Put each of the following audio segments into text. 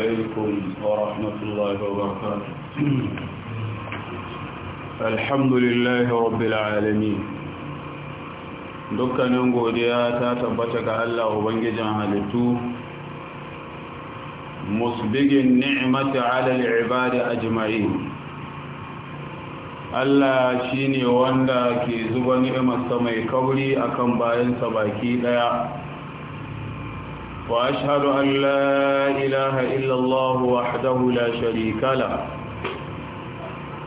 Alhamdulillahi ورحمة الله dukkanin godiya ta tabbata ga Allah Ubangijin halittu musbigin ni'imati ibada a jima'i. Allah shine wanda ke zuba ni'imarsa mai kauri a kan bayansa baki ɗaya. وأشهد أن لا إله إلا الله وحده لا شريك له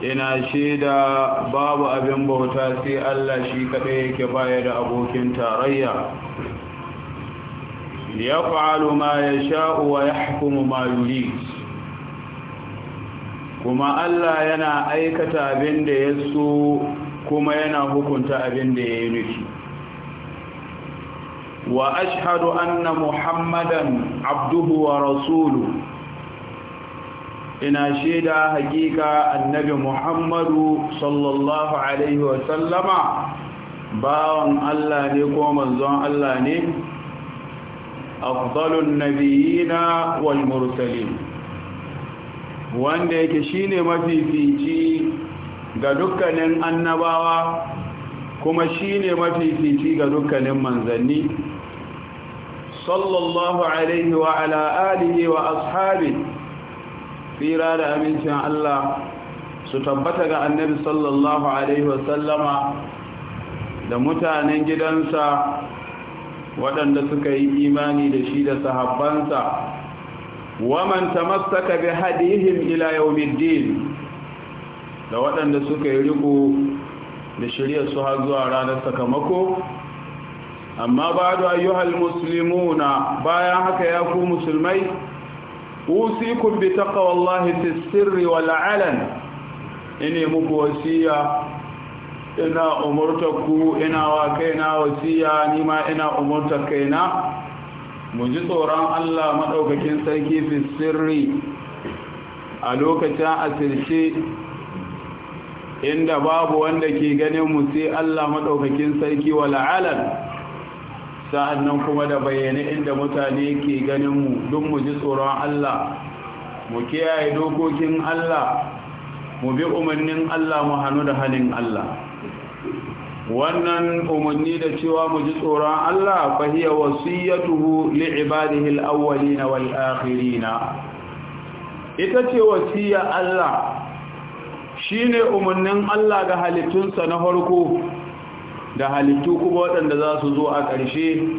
ina shaida babu abin bauta sai Allah shi kaɗai yake baya da abokin tarayya ya fa'alu ma ya sha wa ya hukumu ma kuma Allah yana aikata abin da ya so kuma yana hukunta abin da ya yi nufi وأشهد أن محمدا عبده ورسوله إن أشهد حقيقة النبي محمد صلى الله عليه وسلم باون الله نكوم الزون الله نك أفضل النبيين والمرسلين wanda yake shine mafifici ga dukkanin annabawa kuma shine mafifici ga dukkanin manzanni صلى الله عليه وعلى آله وأصحابه في رادة أمين شاء الله ستبتك النبي صلى الله عليه وسلم لمتانا جدنسا waɗanda suka yi imani da shi da sahabbansa waman tamassaka bi hadihim ila yawmiddin da waɗanda suka yi riko da shirya su har zuwa ranar sakamako amma ba da ayyuhal muslimuna bayan haka ya ku musulmai usikum bi taqwallahi fi sirri wal alan ine muku wasiya ina umurtaku ina wa kaina wasiya ni ma ina umurta kaina mu ji tsoron Allah madaukakin sarki fi sirri a lokacin asirce inda babu wanda ke ganin mu sai Allah madaukakin sarki wal alan sa'annan kuma da bayyane inda mutane ke ganin mu duk mu ji tsoron Allah mu kiyaye dokokin Allah mu bi umarnin Allah mu hannu da halin Allah wannan umarni da cewa mu ji tsoron Allah fa hiya wasiyatuhu li ibadihi al-awwalin wal akhirin ita ce wasiya Allah shine umarnin Allah ga halittunsa na farko da halittu kuma waɗanda za su zo a ƙarshe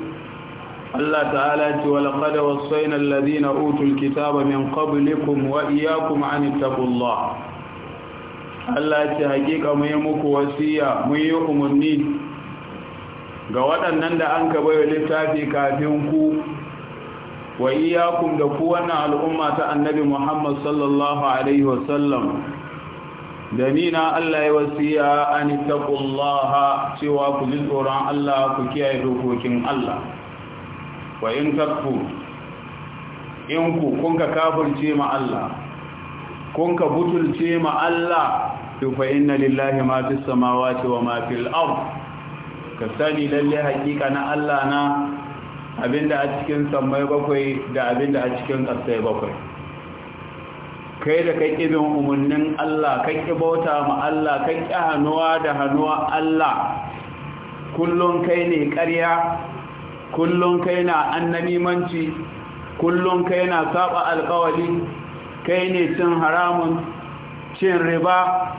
Allah ta'ala ce wa laqad wasaina alladhina utul kitaba min qablikum wa iyyakum an taqullah Allah ce hakika mu yi muku wasiya mun yi umarni ga waɗannan da an ka bayo littafi kafin ku wa iyyakum da ku wannan al'umma ta annabi Muhammad sallallahu alaihi wasallam da nina Allah ya wasiya an taqullaha cewa ku ji tsoron Allah ku kiyaye dokokin Allah wa in takfu in ku kun ka kafirce ma Allah kun ka butulce ma Allah to fa inna lillahi ma fis samawati wa ma fil ard ka sani lalle hakika na Allah na abinda a cikin samai bakwai da abinda a cikin ƙasai bakwai kai da kai ƙibin umarnin Allah kai bauta ma Allah kai ƙi hannuwa da hannuwa Allah kullum kai ne ƙarya kullum kai na annamimanci kullum kai na saba alkawali kai ne cin haramun cin riba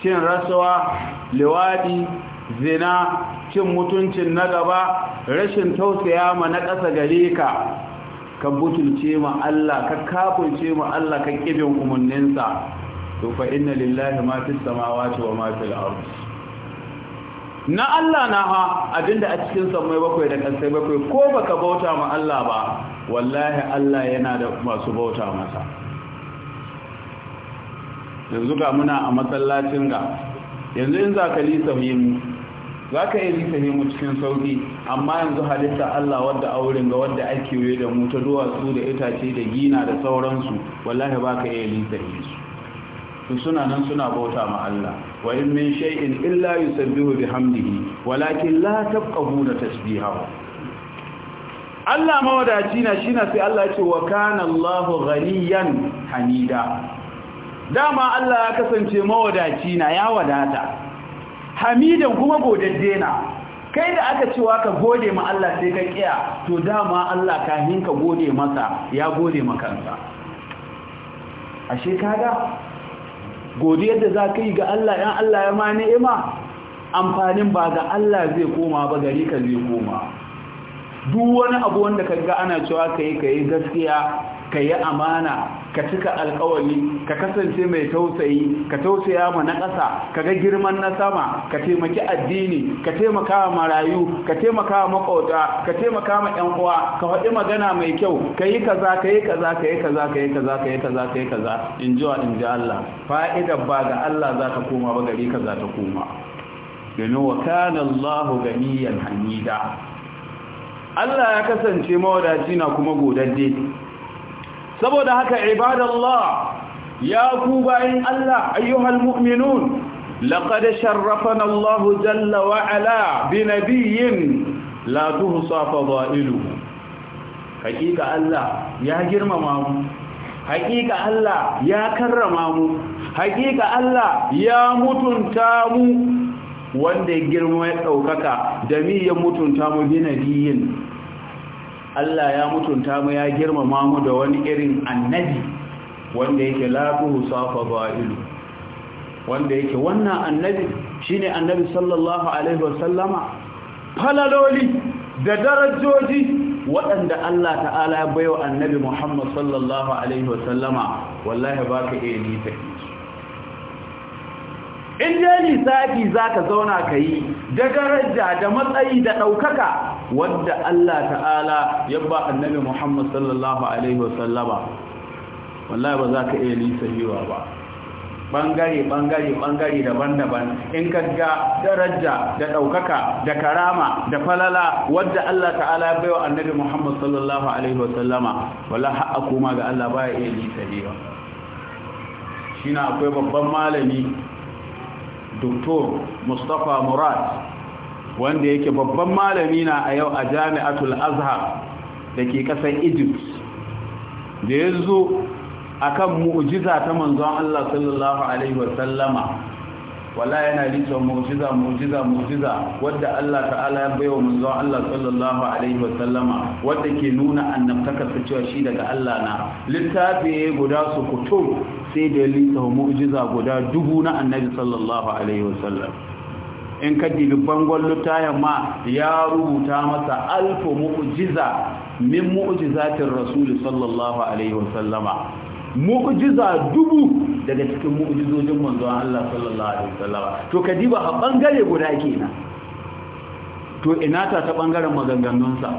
cin rasuwa liwadi zina cin mutuncin na gaba rashin tausaya ma na ƙasa gare ka ka butulce ma Allah ka kafirce ma Allah ka kibin umarninsa to fa inna lillahi ma fis samawati wa ma fil ardi na Allah na ha abinda a cikin samai bakwai da kansai bakwai ko baka bauta ma Allah ba wallahi Allah yana da masu bauta masa yanzu ga muna a masallacin ga yanzu in za ka lisa mu za ka iya nisa mu cikin sauki amma yanzu halitta Allah wadda auren ga wadda ake yi da mu ta duwatsu da itace da gina da sauransu wallahi ba ka iya nisa su suna nan suna bauta ma Allah wa in min shay'in illa yusabbihu bihamdihi walakin la tafqahuna tasbihahu Allah mawadaci na shi na sai Allah ce wa kana Allahu ghaniyan hamida dama Allah ya kasance mawadaci na ya wadata hamidan kuma godadde na kai da aka cewa ka gode ma Allah sai ka kiya to dama Allah ka ka gode masa ya gode ma kansa ashe kaga godiyar da za ka yi ga Allah ɗan Allah ya ma ni'ima amfanin ba ga Allah zai koma ba gari ka zai koma duk wani abu wanda ka ga ana cewa ka yi ka yi gaskiya ka yi amana ka cika alkawari ka kasance mai tausayi ka tausaya ma na ƙasa ka ga girman na sama ka taimaki addini ka taimaka wa marayu ka taimaka wa makota ka taimaka wa ƴan uwa ka faɗi magana mai kyau ka yi kaza ka yi kaza ka yi kaza ka yi kaza ka yi kaza ka yi kaza in ji wa in ji Allah fa'idar ba ga Allah za ka koma ba gari ka za ta koma domin wa kana Allah ganiyan hamida Allah ya kasance mawadaci na kuma godadde saboda haka ibadallah ya ku bayan Allah ayyuhal mu'minun laqad sharrafana Allah jalla wa ala bi nabiyyin la tuhsa fadailuhu hakika Allah ya girmama mu hakika Allah ya karrama mu hakika Allah ya mutunta mu wanda ya girma ya daukaka da mi ya mutunta mu bi nabiyyin Allah ya mutunta mu ya girmama mu da wani irin annabi wanda yake laquhu safa ba'ilu wanda yake wannan annabi shine annabi sallallahu alaihi wasallama falaloli da darajoji waɗanda Allah ta'ala ya bayo annabi Muhammad sallallahu alaihi wasallama wallahi baka iya nisa in je lissafi za ka zauna ka yi da daraja da matsayi da ɗaukaka wadda Allah ta'ala ya ba annabi Muhammad sallallahu Alaihi Sallama. wallahi ba za ka iya lissafiwa ba ɓangare ɓangare ɓangare daban-daban in ka ga daraja da ɗaukaka da karama da falala wadda Allah ta'ala ya wa annabi Muhammad sallallahu Alaihi wasallama wallahi ha'a kuma ga Allah ba ya iya lissafiwa shi na akwai babban malami doktor mustapha murad wanda yake babban malami na a yau a jami'atul azhar da ke ƙasar egypt da ya zo a kan mu'ujiza ta manzon allah sallallahu alaihi wasallama wala yana lissan mu'ujiza mu'ujiza mu'ujiza wadda allah ta'ala ya baiwa manzon allah sallallahu alaihi wasallama wadda ke nuna ta cewa shi daga allah na littafi guda su kutum sai da ya lissafa mu'jiza guda dubu na annabi sallallahu alaihi wasallam in ka dibi bangon lutaya ma ya rubuta masa alfu mu'jiza min mu'jizatin rasul sallallahu alaihi wasallama mu'jiza dubu daga cikin mu'jizojin manzon Allah sallallahu alaihi wasallama to ka diba a bangare guda kenan to ina ta ta bangaren maganganunsa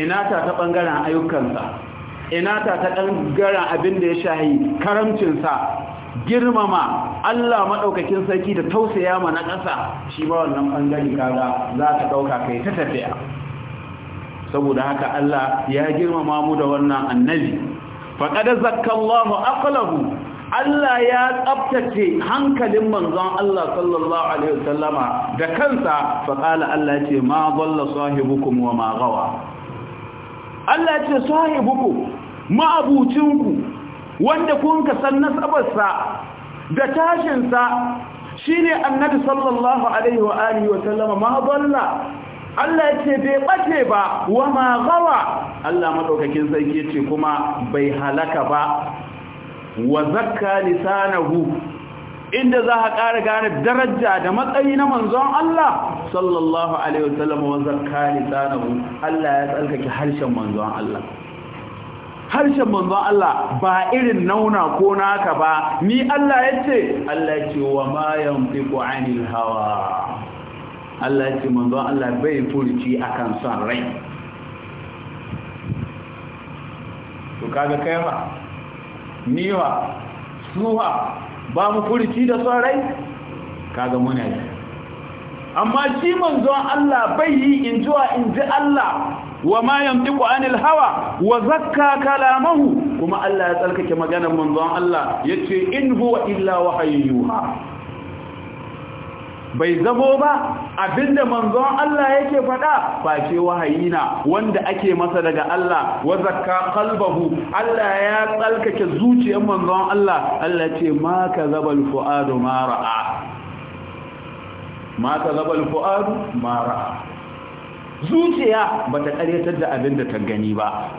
ina ta ta bangaren ayyukansa Inata ta ɗangaren abin da ya shahi karamcinsa girmama Allah maɗaukakin sarki da tausaya ma na ƙasa shi ba wannan ɓangare kaga za ta ɗauka kai ta tafiya saboda haka Allah ya girmama mu da wannan annabi faƙada zakkallahu aqlahu Allah ya tsabtace hankalin manzon Allah sallallahu alaihi wasallama da kansa faƙala Allah ce ma dhalla sahibukum wa ma ghawa Allah ce sahibukum ma'abucinku wanda kun ka san nasabarsa da tashinsa shine annabi sallallahu alaihi wa alihi wa sallama ma Allah yace bai bace ba wa ma gawa Allah madaukakin sarki yace kuma bai halaka ba wa zakka lisanahu inda za ka ƙara gane daraja da matsayi na manzon Allah sallallahu alaihi wa sallam wa zakka lisanahu Allah ya tsarkake harshen manzon Allah harshen manzon Allah ba irin nauna ko naka ba ni Allah ya ce Allah ce wa ma yamtiku anil hawa Allah ya ce manzon Allah bai furci akan son rai to kaga kai ba ni wa suwa ba mu furci da son rai kaga muna yi amma shi manzon Allah bai yi injuwa inji Allah wa ma yantiqu anil hawa wa zakka kalamahu kuma Allah ya tsarkake maganar manzon Allah yace in huwa illa wahayyuha bai zamo ba abinda manzon Allah yake faɗa ba ce wahayi na wanda ake masa daga Allah wa zakka Allah ya tsalkake zuciyar manzon Allah Allah ce ma kazabal fuadu ma ra'a ma kazabal fuadu ma ra'a zuciya ba ta karyatar da abin da ta gani ba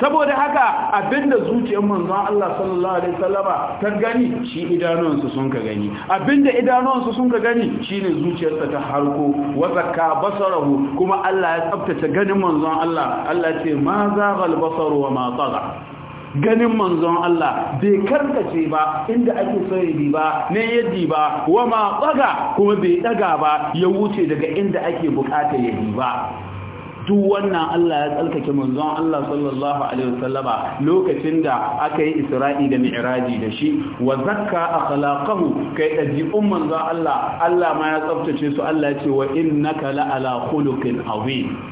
saboda haka abinda zuciyar manzon Allah sallallahu alaihi wasallama ta gani shi idanuwansu sun ka gani abinda idanuwansu sun ka gani shine zuciyarsa ta harko wa basarahu kuma Allah ya tsaftace ganin manzon Allah Allah ce ma zaghal basaru wa ma ganin manzon Allah bai karkace ba inda ake so ya ba ne ya ba wa ma tsaga kuma bai daga ba ya wuce daga inda ake bukata ya ba duk wannan Allah ya tsalkake manzon Allah sallallahu alaihi wasallama lokacin da aka yi Isra'i da Mi'raji da shi wa zakka akhlaqahu kai da ji manzon Allah Allah ma ya tsaftace su Allah ya ce wa innaka la ala khuluqin azim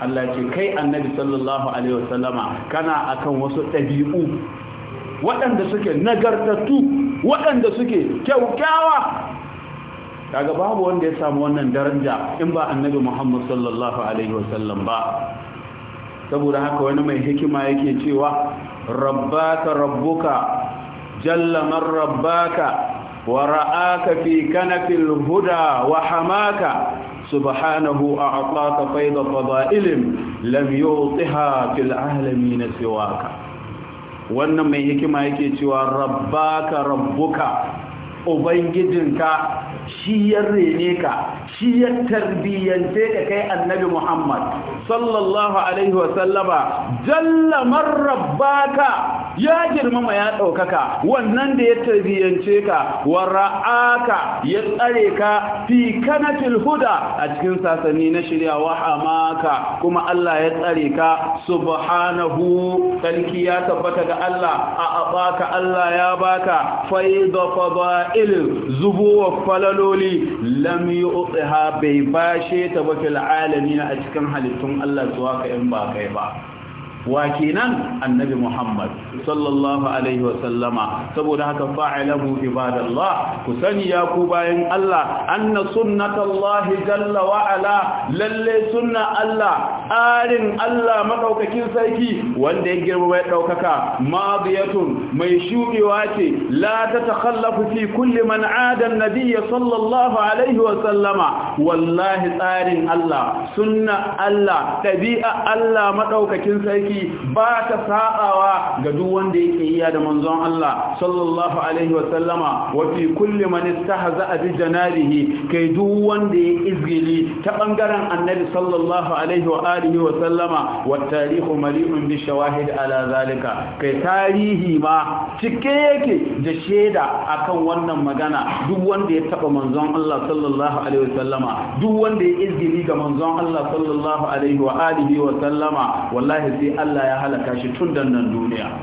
Allah ce kai annabi sallallahu alaihi wasallama kana akan wasu ɗabi'u waɗanda suke nagartattu waɗanda suke kyaukyawa kaga babu wanda ya samu wannan daraja in ba annabi Muhammad sallallahu alaihi wasallam ba saboda haka wani mai hikima yake cewa rabbaka rabbuka jalla man rabbaka wa ra'aka fi kanafil huda wa hamaka سبحانه أعطاك فيض فضائل لم يعطها في العالمين سواك wannan mai hikima yake cewa rabbaka rabbuka ubangijinka shi ya rene ka shi ya tarbiyyance da kai annabi Muhammad sallallahu alaihi wasallama jalla rabbaka ya girmama ya ɗaukaka wannan da ya tarbiyyance ka wa ra'aka ya tsare ka fi kanatil huda a cikin sasanni na shirya wa amaka kuma Allah ya tsare ka subhanahu sarki ya tabbata ga Allah a abaka Allah ya baka faida fada'il zubuwa falaloli lam yu'tiha bai bashe ta ba fil alamin a cikin halittun Allah zuwa ka in ba ba wa kenan annabi Muhammad sallallahu alaihi wa sallama saboda haka fa'alahu ibadallah ku sani ya ku bayan Allah anna sunnatallahi jalla wa ala lalle sunna Allah arin Allah madaukakin sarki wanda ya girma ya daukaka madiyatun mai shuɗewa ce la ta takhallafu fi kulli man ada sallallahu alaihi wa sallama wallahi tsarin Allah sunna Allah tabi'a Allah madaukakin sarki musulunci ba ta sabawa ga duk wanda yake iya da manzon Allah sallallahu alaihi wa sallama wa fi kulli man istahza'a bi janarihi kai duk wanda ya izgili ta bangaren annabi sallallahu alaihi wa alihi wa sallama wa tarihu mali'un bi shawahid ala zalika kai tarihi ma cike yake da sheda akan wannan magana duk wanda ya taba manzon Allah sallallahu alaihi wa sallama duk wanda ya izgili ga manzon Allah sallallahu alaihi wa alihi wa sallama wallahi sai Allah ya halaka shi tun da nan duniya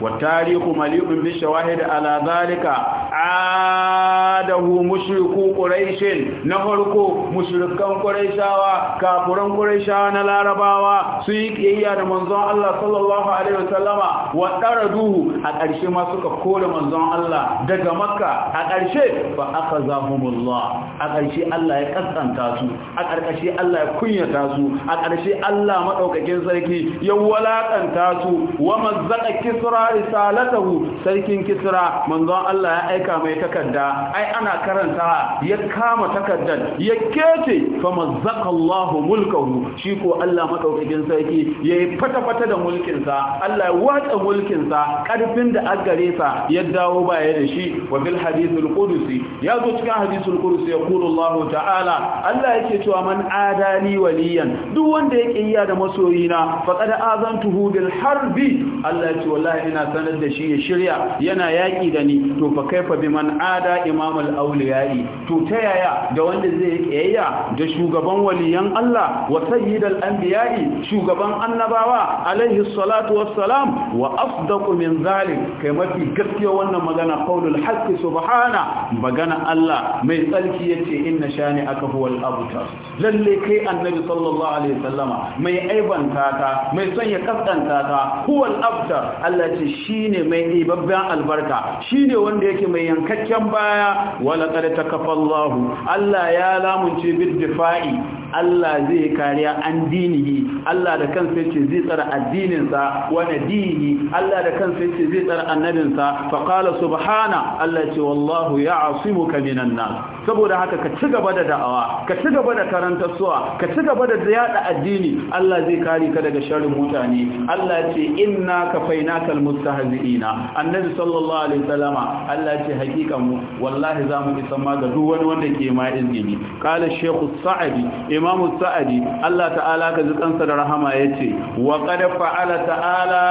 والتاريخ مليء بالشواهد على ذلك عاده مشركو قريش نهركو مشركان قريشاوا كافرون قريشاوا نلارباوا سيك إيا منظر الله صلى الله عليه وسلم وطردوه أكارشي ما سكا كل منظر الله دقا مكة أكارشي فأخذهم الله أكارشي الله يكسن تاسو أكارشي الله يكون تاسو أكارشي الله مدوك جنسركي يولاك تاسو ومزق كسرى risalatahu sarkin kisra manzon Allah ya aika mai takarda ai ana karanta ya kama takardar ya kece fa mazzaka mulkahu shi ko Allah madaukakin sarki yayi fata fata da mulkin sa Allah ya watsa mulkin sa karfin da aggare sa ya dawo baya da shi wa bil hadithul qudusi ya zo cikin hadithul qudusi ya kula Allah ta'ala Allah yake cewa man adali waliyan duk wanda ya iya da masoyina faqad azantuhu bil harbi Allah ya ce wallahi ina sanar da shi ya shirya yana yaki da ni to fa kaifa biman ada imam al-awliya'i to ta yaya da wanda zai kiyaya da shugaban waliyan Allah wa sayyidal anbiya'i shugaban annabawa alaihi salatu wassalam wa afdaqu min zalik kai mafi gaskiya wannan magana qaulul haqq subhana magana Allah mai tsarki yace inna shani aka huwal abtar lalle kai annabi sallallahu alaihi wasallama mai aibanta ta mai son ya kaskanta ta huwal sabta Allah ce shine mai ibabban albarka shine wanda yake mai yankakken baya wala qad kafallahu Allah ya lamunce bid difa'i Allah zai kariya an dinihi Allah da kansa yace zai tsara addininsa wani nadihi Allah da kansa yace zai tsara annabinsa fa qala subhana Allah ce wallahu ya'simuka minan nas saboda haka ka ci gaba da da'awa ka ci gaba da karanta suwa ka ci gaba da yada addini Allah zai kare ka daga sharrin mutane Allah ce inna kafainakal mustahzi'ina annabi sallallahu alaihi wasallama Allah ce hakika mu wallahi zamu isa ma ga duk wani wanda ke ma izgini qala shaykhu sa'di imamu sa'adi Allah ta'ala ka ji kansa da rahama ya ce wa ƙada fa'ala ta'ala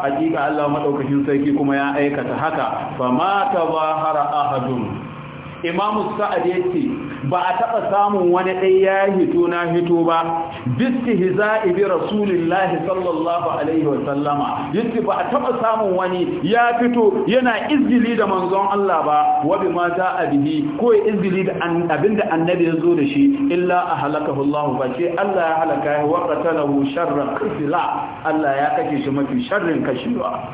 hakika Allah maɗaukashin sarki kuma ya aikata haka Ba ma ta zahara ahadun imamu sa'adi ya ce ba a taɓa samun wani ɗai ya hito na hito ba bisti hiza ibi rasulillahi sallallahu alaihi wa sallama Bisti ba a taɓa samun wani ya fito yana izgili da manzon Allah ba wabi ma za a bihi ko ya izgili da abinda annabi ya zo da shi illa a halakahu Allah ba ce Allah ya halaka ya waƙata lahu sharra kafila Allah ya kashe shi mafi sharrin kashewa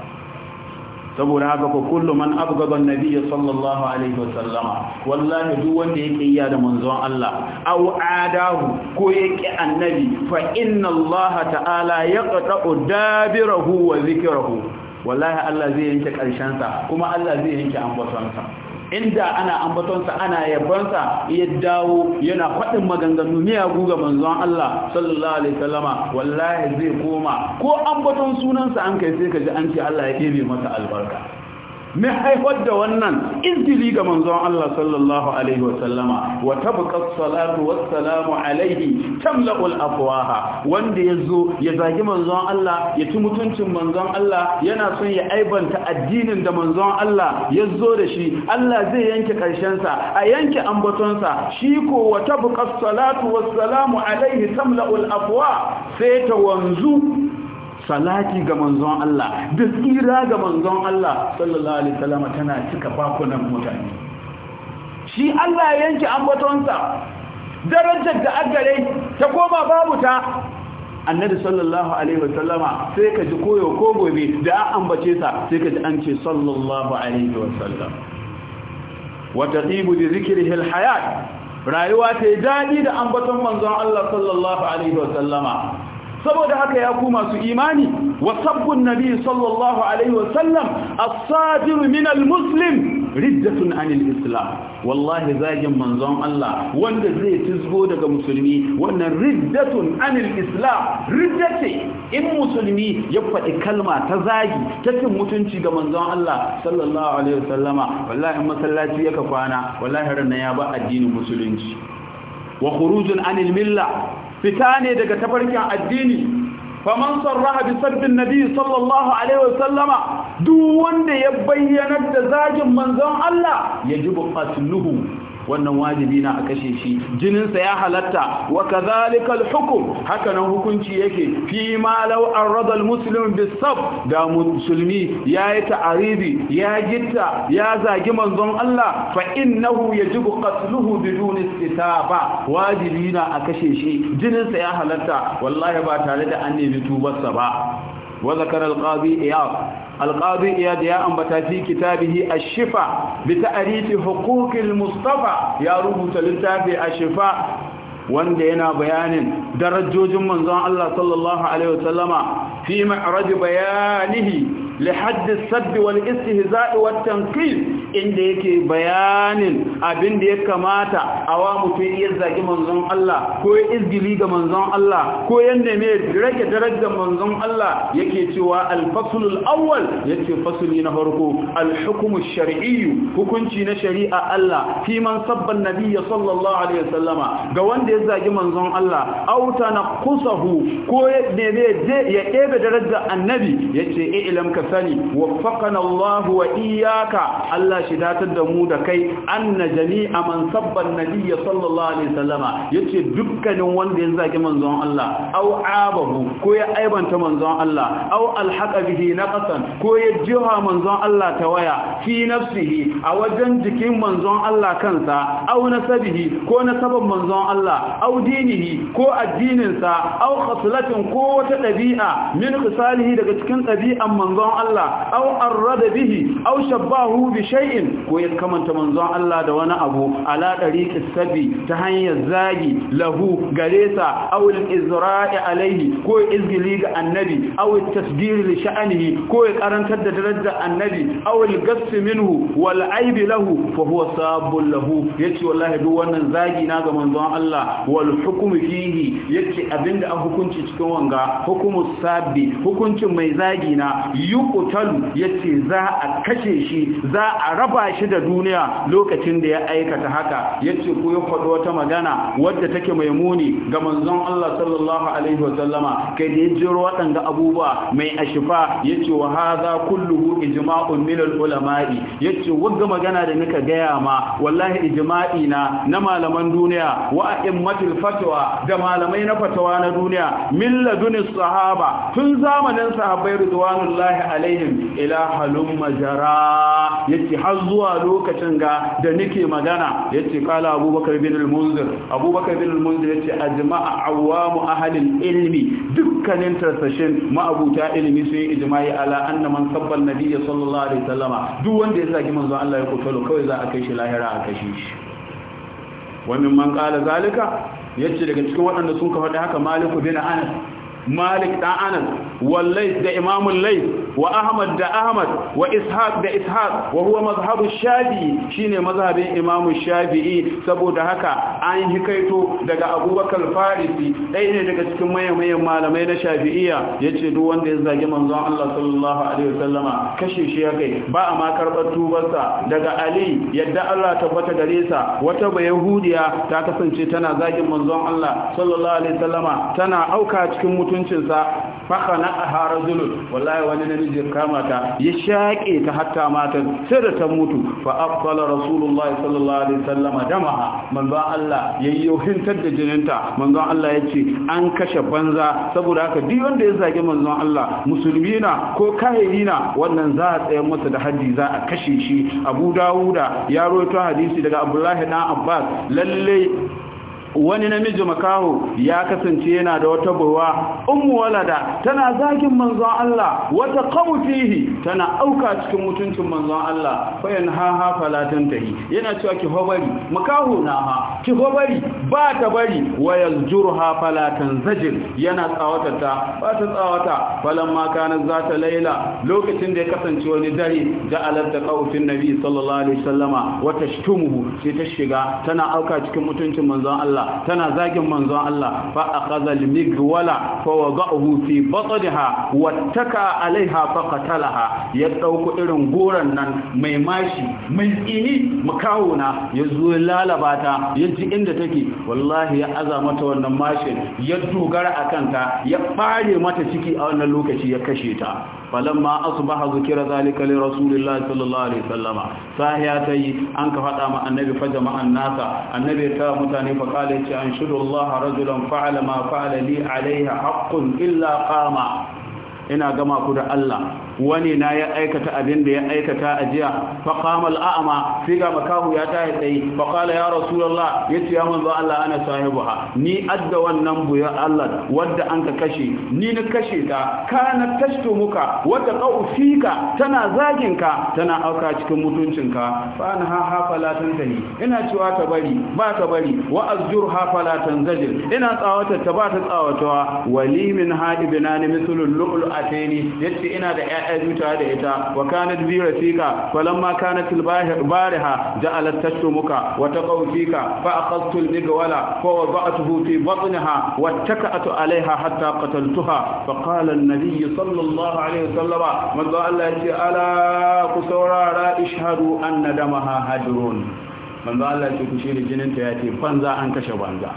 saboda haka ko kullu man abghadha an sallallahu alaihi wasallama wallahi duk wanda yake iya da manzon Allah aw adahu ko yake annabi fa inna Allah ta'ala yaqta'u dabirahu wa zikrahu wallahi Allah zai yanke karshen sa kuma Allah zai yanke ambaton sa inda ana ambatonsa ana yabonsa ya dawo yana faɗin maganganu miya guga manzon Allah sallallahu alaihi wasallama wallahi zai koma ko ambaton sunansa an kai sai ka ji an ce Allah ya kebe masa albarka mai haifar da wannan izgili ga manzon Allah sallallahu alaihi wa sallama wa tabqa salatu wassalamu alaihi tamla'ul afuwaha. wanda ya zo ya zagi manzon Allah ya ci mutuncin manzon Allah yana son ya aibanta addinin da manzon Allah ya zo da shi Allah zai yanke karshen sa a yanke ambaton sa shi ko wa tabqa salatu wassalamu alaihi tamla'ul afwa sai ta wanzu salati ga manzon Allah da tsira ga manzon Allah sallallahu alaihi wasallam tana cika bakunan mutane shi Allah ya yanke ambatonsa darajar da agare ta koma babu ta annabi sallallahu alaihi wasallama sai ka ji koyo ko gobe da an ambace sa sai ka ji an ce sallallahu alaihi wasallam wata tibu da zikirin hayat rayuwa ta yi daɗi da ambaton manzon Allah sallallahu alaihi wasallama saboda haka ya ku masu imani wa sabbun nabi sallallahu alaihi wasallam as-sadir min al-muslim riddatun anil islam wallahi zagin manzon Allah wanda zai tizgo daga musulmi wannan riddatun anil islam riddati in musulmi ya faɗi kalma ta zagi ta cin mutunci ga manzon Allah sallallahu alaihi wasallama wallahi masallaci yaka kwana wallahi ran ya ba addinin musulunci wa khurujun anil milla fita ne daga tafarkin addini faman sarraha bi sabbin nabi sallallahu alaihi sallama duk wanda ya bayyana da zagin manzon Allah yajibu qatluhu wannan wajibi na a kashe shi jininsa ya halatta wa kadhalika al-hukm haka nan hukunci yake fi ma law arada muslim bisab da musulmi yayi ta'aribi, ya gitta ya zagi manzon Allah fa innahu yajibu qatluhu bidun istitaba wajibi na a kashe shi jininsa ya halatta wallahi ba tare da an nemi tubarsa ba وذكر القاضي إياب القاضي إياد يا أنبتا في كتابه الشفاء بتأريف حقوق المصطفى يا روح تلتافي الشفاء wanda yana bayanin darajojin manzon Allah sallallahu alaihi wasallama fi ma'raj bayanihi li hadd as-sadd wal istihza' wat inda yake bayanin abin da ya kamata a wa mutum iya zagi manzon Allah ko ya izgili ga manzon Allah ko yadda mai rage darajar manzon Allah yake cewa al awwal yace fasuli na farko alhukumu hukmu hukunci na shari'a Allah fi man sabba an sallallahu alaihi wasallama ga wanda ya zagi manzon Allah aw kusahu, ko ya neme ya darajar annabi yace ilam ka sani waffaqana Allah wa iyyaka Allah Allah shi datar da mu da kai anna jami'a man sabban nabiyya sallallahu alaihi wasallama yace dukkanin wanda ya zagi manzon Allah au abahu ko ya aibanta manzon Allah au alhaqa bihi naqasan ko ya jiha manzon Allah tawaya fi nafsihi a wajen jikin manzon Allah kansa au nasabihi ko nasaban manzon Allah au dinihi ko addininsa au khaslatin ko wata dabi'a min khisalihi daga cikin dabi'an manzon Allah au arrada bihi au shabbahu bi shay'in shay'in ko ya kamanta manzon Allah da wani abu ala dariqi sabi ta hanyar zagi lahu gare sa aw izra'i alaihi ko izgili ga annabi aw tasdir li sha'nihi ko ya karantar da darajar annabi aw al-gass minhu wal aib lahu fa huwa sabbu lahu yace wallahi duk wannan zagi na ga manzon Allah wal hukm fihi yace abinda an hukunci cikin wanga hukumu sabbi hukuncin mai zagi na yuqtalu yace za a kashe shi za a raba shi da duniya lokacin da ya aikata haka yace ko ya faɗo wata magana wadda take mai muni ga manzon Allah sallallahu alaihi wa sallama kai da ya jiro waɗanda abubuwa mai ashifa yace wa hadha kulluhu ijma'un min ulama'i yace wagga magana da nika gaya ma wallahi ijma'i na na malaman duniya wa a'immatul fatwa da malamai na fatawa na duniya milladunis sahaba tun zamanin sahabbai ridwanullahi alaihim ila halum majara yace har zuwa lokacin ga da nake magana yace kala abubakar bin al-munzir abubakar bin al-munzir yace ajma'a awamu ahli al-ilmi dukkanin tarsashin ma'abuta ilimi sun yi ijma'i ala anna man sabba an sallallahu alaihi sallama duk wanda ya saki manzon Allah ya kotolo kawai za a kai shi lahira a kashe shi wannan man kala zalika ce daga cikin waɗanda sun ka faɗi haka Malik bin anas malik ɗan anas laif da imamun laif wa ahmad da ahmad wa ishaq da ishaq wa huwa mazhabu shafi'i shine mazhabin imamu shafi'i saboda haka an hikaito daga abubakar farisi ɗaya ne daga cikin mayan malamai na shafi'iyya yace duk wanda ya zagi manzon Allah sallallahu alaihi wasallama kashe shi ya kai ba a ma karɓar tubarsa daga ali yadda Allah tabbata gare sa wata bayahudiya ta kasance tana zagin manzon Allah sallallahu alaihi wasallama tana auka cikin mutuncinsa fakana harar Zulul. wallahi wani namiji kama ta ya shaƙe ta hatta mata sai da ta mutu fa afdala rasulullahi sallallahu alaihi wasallam damaha manzo Allah yayyo hintar da jininta manzo Allah yace an kashe banza saboda haka duk wanda ya zage manzo Allah Musulmina ko kahirina wannan za a tsayar masa da haji za a kashe shi Abu Dawuda ya rawaito hadisi daga Abdullahi dan Abbas lalle wani namiji makaho ya kasance yana da wata buwa ummu walada tana zagin manzon Allah wata qawfihi tana auka cikin mutuncin manzon Allah fa yanha ha fala tahi yana cewa ki hobari makaho na ha ki bari ba ta bari wayar yazjurha fala tanzajir yana tsawata ta ba ta tsawata falamma kana zata laila lokacin da ya kasance wani dare da alatta qaufin nabi sallallahu alaihi wasallama wa sai ta shiga tana auka cikin mutuncin manzon Allah tana zagin manzon Allah fa akhadha al fa wada'ahu fi batniha wattaka alaiha fa qatalaha ya dauko irin goran nan mai mashi mai tsini makawo na ya zo lalaba ta ya ji inda take wallahi ya aza mata wannan mashin ya dogara a kanta ya ɓare mata ciki a wannan lokaci ya kashe ta falamma asbaha zikira zalika li rasulillahi sallallahu alaihi wasallama sahiya tayi an ka fada ma annabi fa jama'an nasa annabi ta mutane fa kale ce an shudu Allah rajulan fa'ala ma fa'ala li alaiha haqqun illa qama ina gama ku da Allah wani na ya aikata abin da ya aikata a jiya fa ama sai ga makahu ya tayi tsayi. fa ya rasulullah yace ya manzo Allah ana sahibuha ni adda wannan buya Allah wadda an ka kashe ni na kashe ta kana tashto muka wata qau fika tana zagin ka tana auka cikin mutuncin fa an ha ha fala tantani ina cewa ta bari ba ta bari wa azjurha fala tanzajir ina tsawata ta ba ta tsawatawa wali min ha ibnani mithlul lu'lu'ataini yace ina da ajuta da ita wa kanat bi rafika falamma kanat al bariha ja'alat tashtumuka wa taqawfika fa akhadtu al migwala fa wada'tuhu fi batnaha wa taka'atu alaiha hatta qataltuha fa qala an nabiy sallallahu alaihi wasallam manzo Allah ya ala kusaurara ishhadu anna damaha hadrun manzo Allah yace ku shiri jinin ta yace banza an kashe banza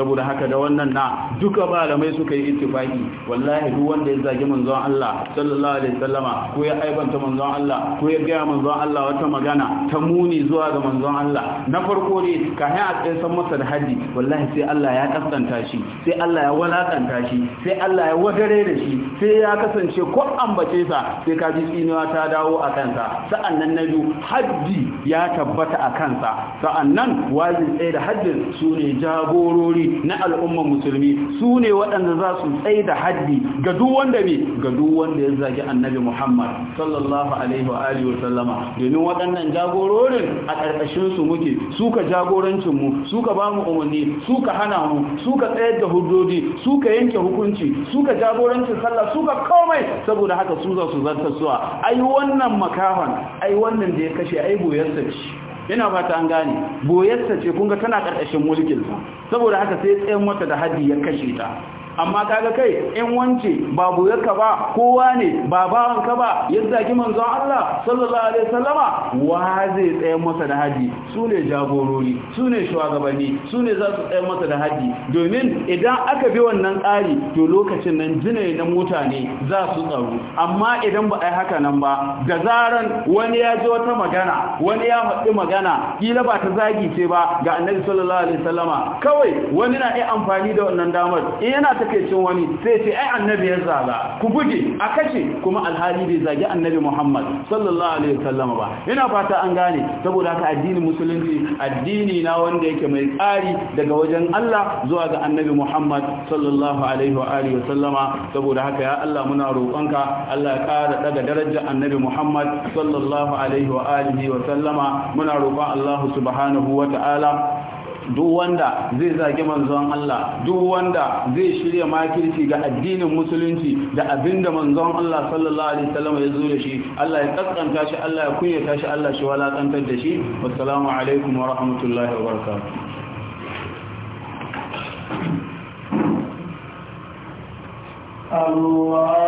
saboda haka da wannan na duka malamai suka yi ittifaki wallahi duk wanda ya zagi manzon Allah sallallahu alaihi wasallama ko ya aibanta manzon Allah ko ya ga manzon Allah wata magana ta muni zuwa ga manzon Allah na farko ne ka a tsaye san masa da haji wallahi sai Allah ya kaskanta shi sai Allah ya walakanta shi sai Allah ya wagare da shi sai ya kasance ko ambace sa sai ka ji tsinuwa ta dawo a kansa sa'annan na biyu haji ya tabbata a kansa sa'annan wajin tsaye da hajjin su ne jagorori na al'umman musulmi su ne waɗanda za su tsaye da haddi ga duk wanda ne ga duk wanda ya zagi annabi muhammad sallallahu alaihi wa alihi wa sallama domin waɗannan jagororin a ƙarƙashin su muke suka jagorancin mu suka ba mu umarni suka hana mu suka tsayar da hujjoji suka yanke hukunci suka jagorancin sallah suka komai saboda haka su za su zartar suwa ai wannan makahon. ai wannan da ya kashe ai goyarsa ce ina fata an gane boyarsa ce kun ga tana ƙarƙashin mulkinsa saboda haka sai tsayin mata da haddi ya kashe ta amma kaga kai in wance ba buyarka ba kowa ne ba bawanka ba yadda ki manzon Allah sallallahu alaihi wasallama wa zai tsaya masa da haji sune jagorori sune ne shugabanni su ne za su tsaya masa da haji domin idan aka bi wannan tsari to lokacin nan jine na mutane za su tsaro amma idan ba a yi haka nan ba da zaran wani ya ji wata magana wani ya faɗi magana kila ba ta zagi ce ba ga annabi sallallahu alaihi wasallama kawai wani na iya amfani da wannan damar yana take cin wani sai ce ai annabi ya zaga ku buge a kashe kuma alhali bai zagi annabi Muhammad sallallahu alaihi wasallam ba ina fata an gane saboda haka addinin musulunci addini na wanda yake mai tsari daga wajen Allah zuwa ga annabi Muhammad sallallahu alaihi wa alihi wasallama saboda haka ya Allah muna roƙonka Allah ya ƙara daga darajar annabi Muhammad sallallahu alaihi wa alihi wasallama muna roƙon Allah subhanahu wa ta'ala duk wanda zai zagi manzon Allah duk wanda zai shirya makirci ga addinin musulunci da abinda manzon Allah sallallahu alaihi wasallam ya zo da shi Allah ya kaskanta shi Allah ya kunyata shi Allah shi walakantar da shi wassalamu alaikum wa rahmatullahi wa barakatuh Allah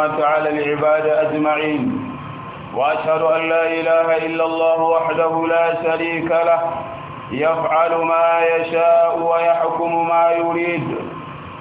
النعمة على العباد أجمعين وأشهد أن لا إله إلا الله وحده لا شريك له يفعل ما يشاء ويحكم ما يريد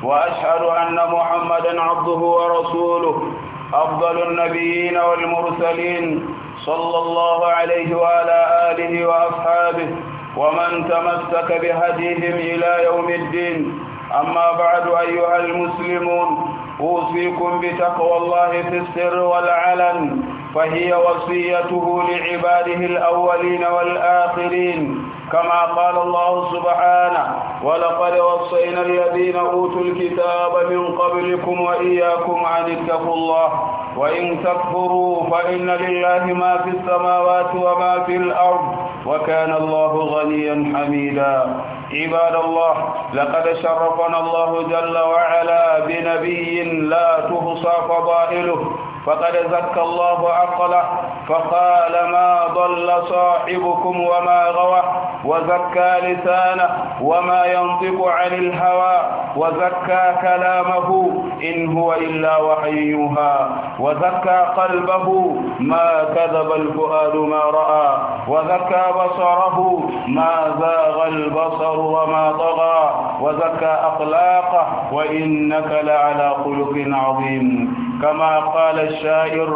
وأشهد أن محمدا عبده ورسوله أفضل النبيين والمرسلين صلى الله عليه وعلى آله وأصحابه ومن تمسك بهديهم إلى يوم الدين أما بعد أيها المسلمون أوصيكم بتقوى الله في السر والعلن فهي وصيته لعباده الأولين والآخرين كما قال الله سبحانه ولقد وصينا الذين أوتوا الكتاب من قبلكم وإياكم أن اتقوا الله وإن تكفروا فإن لله ما في السماوات وما في الأرض وكان الله غنيا حميدا عباد الله لقد شرفنا الله جل وعلا بنبي لا تهصى فضائله فقد زكى الله عقله فقال ما ضل صاحبكم وما غوى وزكى لسانه وما ينطق عن الهوى وزكى كلامه إن هو إلا وحي يوحى وزكى قلبه ما كذب الفؤاد ما رأى وزكى بصره ما زاغ البصر وما طغى وزكى أخلاقه وإنك لعلى خلق عظيم كما قال الشاعر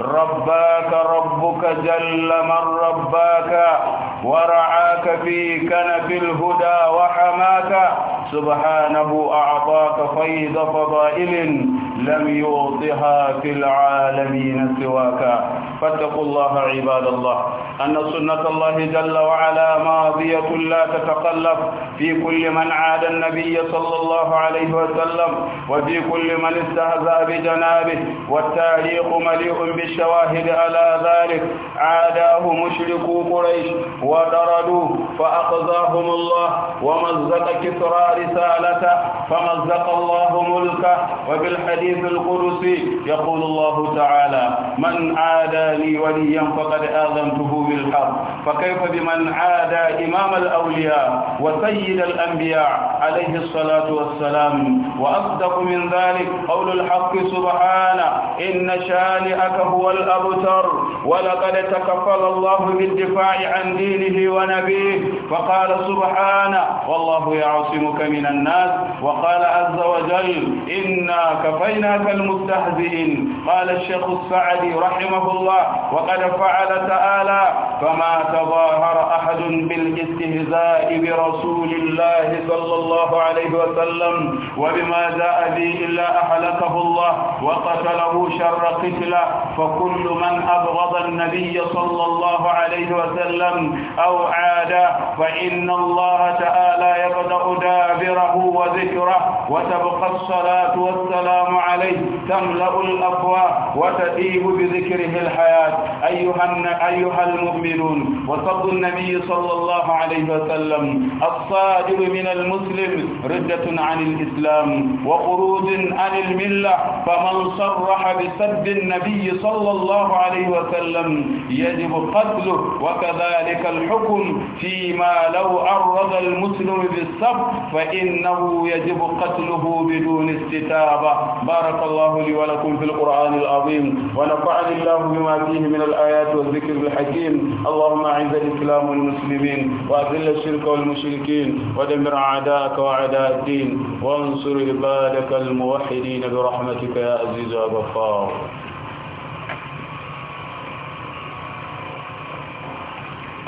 رباك ربك جل من رباك ورعاك في كنف الهدى وحماك سبحانه أعطاك فيض فضائل لم يوطها في العالمين سواك فاتقوا الله عباد الله أن سنة الله جل وعلا ماضية لا تتقلب في كل من عاد النبي صلى الله عليه وسلم وفي كل من استهزأ بجنابه والتاريخ مليء بالشواهد على ذلك عاداه مشركو قريش ودردوه فأخذاهم الله ومزق كسرى رسالته فمزق الله ملكه وفي الحديث القدسي يقول الله تعالى من عادى لي وليا فقد آذنته بالحق فكيف بمن عادى إمام الأولياء وسيد الأنبياء عليه الصلاة والسلام وأصدق من ذلك قول الحق سبحانه إن شانئك هو الأبتر ولقد تكفل الله بالدفاع عن دينه ونبيه فقال سبحانه والله يعصمك من الناس وقال عز وجل إنا كفيناك المستهزئين قال الشيخ السعدي رحمه الله وقد فعل تعالى فما تظاهر أحد بالاستهزاء برسول الله صلى الله عليه وسلم وبما جاء به إلا أهلكه الله وقتله شر قتله فكل من أبغض النبي صلى الله عليه وسلم أو عاده فإن الله تعالى يبدأ دار مقابره وذكره وتبقى الصلاة والسلام عليه تملأ الأقوى وتتيب بذكره الحياة أيها, أيها المؤمنون وصد النبي صلى الله عليه وسلم الصادق من المسلم ردة عن الإسلام وخروج عن الملة فمن صرح بسب النبي صلى الله عليه وسلم يجب قتله وكذلك الحكم فيما لو عرض المسلم بالسب فإنه يجب قتله بدون استتابة بارك الله لي ولكم في القرآن العظيم ونفعني الله بما فيه من الآيات والذكر الحكيم اللهم أعز الإسلام والمسلمين وأذل الشرك والمشركين ودمر أعداءك وأعداء الدين وانصر عبادك الموحدين برحمتك يا عزيز يا غفار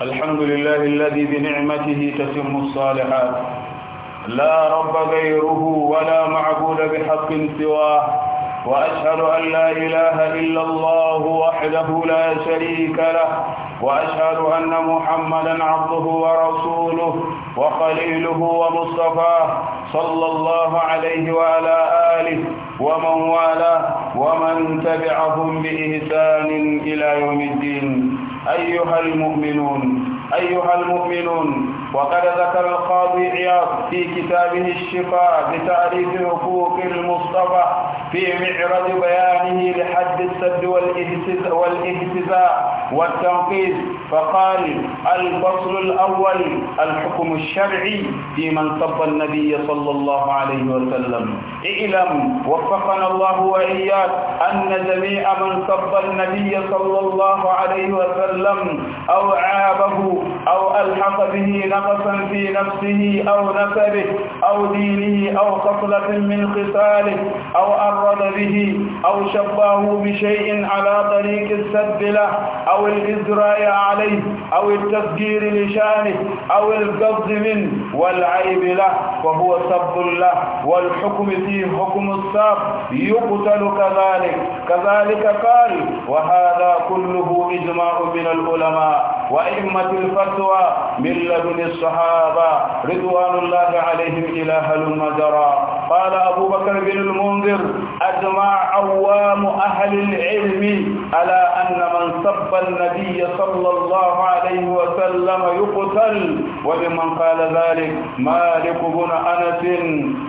الحمد لله الذي بنعمته تتم الصالحات لا رب غيره ولا معبود بحق سواه وأشهد أن لا إله إلا الله وحده لا شريك له وأشهد أن محمدا عبده ورسوله وخليله ومصطفاه صلى الله عليه وعلى آله ومن والاه ومن تبعهم بإحسان إلى يوم الدين أيها المؤمنون أيها المؤمنون وقد ذكر القاضي عياض في كتابه الشفاء بتعريف حقوق المصطفى في معرض بيانه لحد السد والاهتزاء والتنقيص فقال الفصل الأول الحكم الشرعي في من صب النبي صلى الله عليه وسلم اعلم وفقنا الله وإياك أن جميع من صب النبي صلى الله عليه وسلم أو عابه أو ألحق به نفسه ناقصا في نفسه أو نسبه أو دينه أو خصلة من خصاله أو أرد به أو شبهه بشيء على طريق السد له أو الإزراء عليه أو التفجير لشانه أو القبض منه والعيب له وهو سب له والحكم فيه حكم الساب يقتل كذلك كذلك قال وهذا كله إجماع من العلماء وإمة الفتوى من لدن الصحابة رضوان الله عليهم إلى المجرى قال أبو بكر بن المنذر أجمع عوام أهل العلم على أن من سب النبي صلى الله عليه عليه وسلم يقتل ولمن قال ذلك مالك بن أنس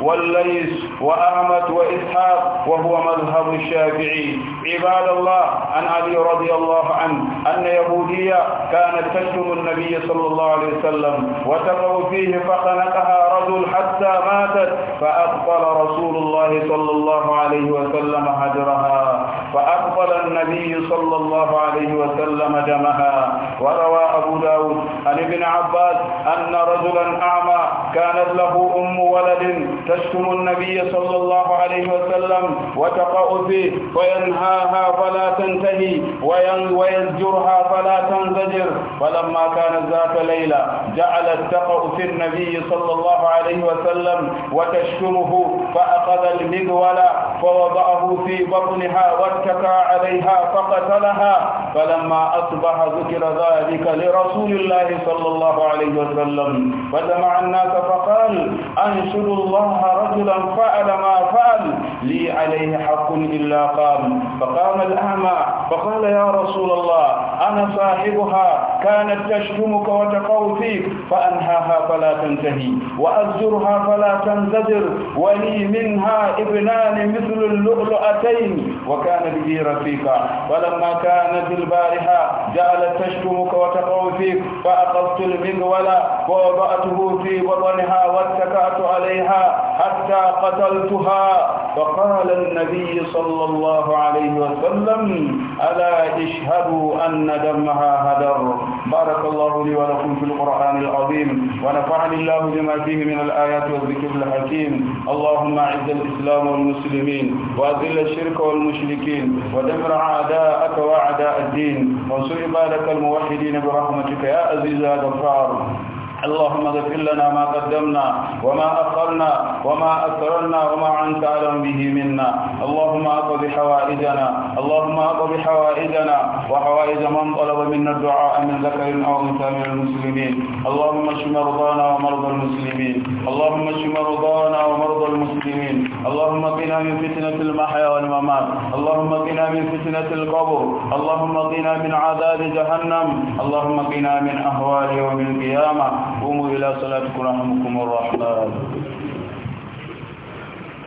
والليس وأحمد وإسحاق وهو مذهب الشافعي عباد الله عن علي رضي الله عنه أن يهودية كانت تشتم النبي صلى الله عليه وسلم وتقع فيه فخنقها رجل حتى ماتت فأقبل رسول الله صلى الله عليه وسلم هجرها فأقبل النبي صلى الله عليه وسلم دمها وروى أبو داود عن ابن عباس أن رجلا أعمى كانت له أم ولد تشتم النبي صلى الله عليه وسلم وتقع فيه فينهاها فلا تنتهي ويزجرها فلا تنزجر فلما كانت ذات ليلة جعلت تقع في النبي صلى الله عليه وسلم وتشتمه فأخذ المذول ووضعه في بطنها واتكى عليها فقتلها فلما أصبح ذكر ذلك لرسول الله صلى الله عليه وسلم فجمع الناس فقال أنشر الله رجلا فعل ما فعل لي عليه حق إلا قام فقام الأعمى فقال يا رسول الله أنا صاحبها كانت تشتمك وتقو فيك فأنهاها فلا تنتهي وأزجرها فلا تنزجر ولي منها ابنان مثل رجل اللؤلؤتين وكان به رفيقا ولما كانت البارحة جعلت تشتمك وتقوي فيك فأخذت المنولة ووضعته في بطنها واتكأت عليها حتى قتلتها فقال النبي صلى الله عليه وسلم ألا اشهدوا أن دمها هدر بارك الله لي ولكم في القرآن العظيم ونفعني الله بما فيه من الآيات والذكر الحكيم اللهم أعز الإسلام والمسلمين المسلمين وأذل الشرك والمشركين ودمر أعداءك وأعداء الدين وانصر عبادك الموحدين برحمتك يا عزيز يا غفار اللهم اغفر لنا ما قدمنا وما أخرنا وما أسررنا وما أنت أعلم به منا اللهم أقض حوائجنا اللهم أقض حوائجنا وحوائج من طلب منا الدعاء من ذكر أو أنثى من المسلمين اللهم اشف مرضانا ومرضى المسلمين اللهم اشف مرضانا ومرضى المسلمين اللهم قنا من فتنة المحيا والممات اللهم قنا من فتنة القبر اللهم قنا من عذاب جهنم اللهم قنا من أهوال يوم القيامة قوموا إلى صلاتكم رحمكم الرحمن